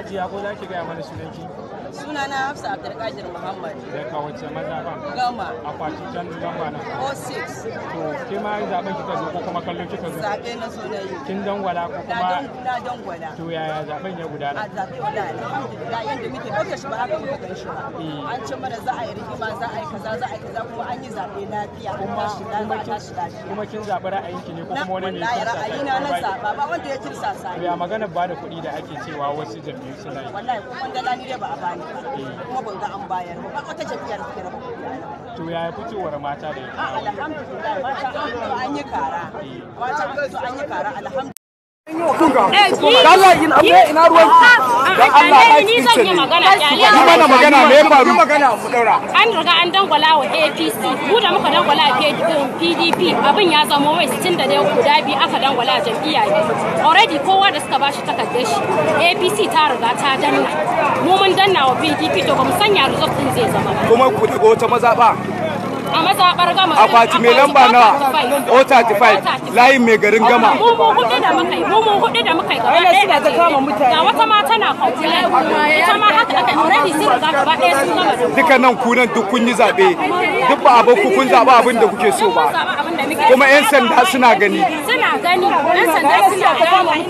Ajiya ko za ki gaya mana sunanki? na Hafsa Abdulkadir Muhammad. Zai ce maza ba? Gama. Akwati can gama na? 06. To ke ma zaɓen kika zo ko kuma kallon kika zo? Zaɓe na so na yi. Kin dangwala ko kuma? Na dangwala. To yaya zaɓen ya gudana? A zaɓe gudana. Alhamdulillah yadda muke ɗauke shi ba haka muka gan shi ba. Eh. An ce mana za a yi rigima za a yi kaza za a yi kaza kuma an yi zaɓe lafiya. Kuma kuma kin zaɓi ra'ayinki ne ko kuma wani ne? Wallahi ra'ayina na zaɓa ba wanda ya kirsa sa. Ya magana ba da kuɗi da ake cewa wasu jami'ai. wallahi ko ban ni ba a bani kuma ban ga an bayar ba ba wata jam'iyyar suke raba kuɗi to yaya fitowar mata da yake alhamdulillah mata an yi kara mata an yi kara alhamdulillah Allah ina don Allah ba ki ce ni mana magana me ya faru magana mu daura an riga an dangwala wa APC mu da muka dangwala a PDP abin ya zama mai 60 da dai guda biyu aka dangwala a jam'iyya already kowa da suka bashi takardar shi APC ta riga ta danna mu mun danna wa PDP to ba mu sanya result din zai zama kuma ku daga wata mazaba akwati mai lamba na o layin mai garin gama mu da yi da mutane ga wata nan kunan duk kun yi zaɓe duk ba abin ku kun zaba abin da kuke so ba kuma 'yan sanda suna gani suna gani 'yan sanda suna gani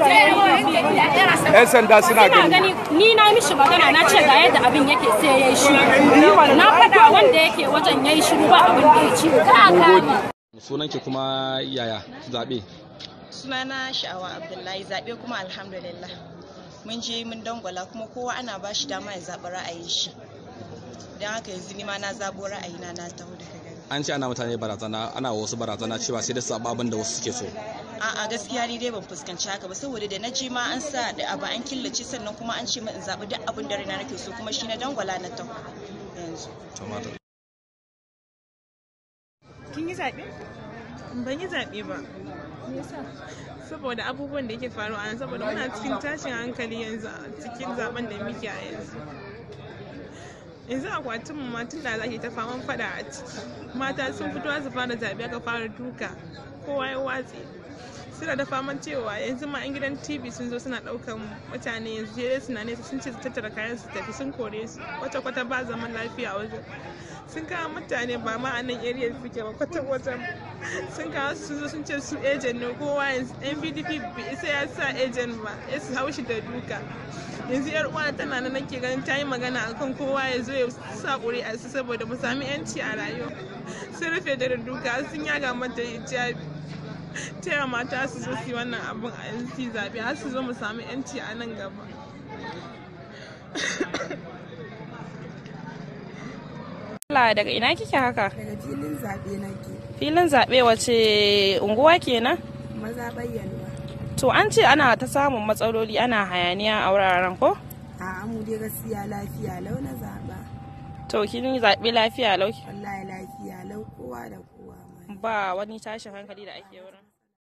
'yan sanda suna gani ni na mishi magana na ce ga yadda abin yake sai ya yi shiru na faɗa wanda yake wajen ya yi shiru ba abin da ya ci ki kuma yaya zaɓe sunana sha'awa abdullahi zaɓe kuma alhamdulillah mun je mun dangwala kuma kowa ana ba shi dama ya zaɓi ra'ayin shi don haka yanzu ni ma na zaɓo ra'ayina na taho daga an ce ana mutane barazana ana wasu barazana cewa sai da sabu abin da wasu suke so a'a gaskiya ni dai ban fuskanci haka ba saboda da na ma an sa da abu an killace sannan kuma an ce ma in zaɓi duk abin da rina nake so kuma shi na dangwala na ta kin yi zaɓe ban yi zaɓe ba saboda abubuwan da yake faruwa nan saboda muna cikin tashin hankali yanzu cikin zaben da muke a yanzu yanzu akwatin mu ma tun da za ta faman fada a ciki mata sun fito za su fara zaɓe ka fara duka kowa ya watse suna da faman cewa yanzu ma an gidan tv sun zo suna daukan mutane yanzu jere suna nesa sun ce su tattara kayan su tafi sun kore su kwata kwata ba zaman lafiya a wajen sun kawo mutane ba ma a nan area suke ba kwata kwata sun kawo su zo sun ce su agent ne kowa yanzu npdp bai isa ya sa agent ba ya su haushi da duka yanzu yar uwa tana nan nake ganin ta yi magana akan kowa ya zo ya sa kuri a su saboda mu sami yanci a rayuwa sun rufe da duka sun yaga mata hijabi taya mata su zo su wannan abin a yanzu zaɓe har su zo mu samu yanci a nan gaba Allah daga ina kike haka? Daga filin zaɓe ke. Filin zaɓe wace unguwa kenan? Maza bayyana. To an ce ana ta samun matsaloli ana hayaniya a wuraren ko? A amu dai gaskiya lafiya lau na zaɓa. To kin zaɓe lafiya lau? Wallahi lafiya lau kowa da kowa. ba wani tashin hankali da ake wurin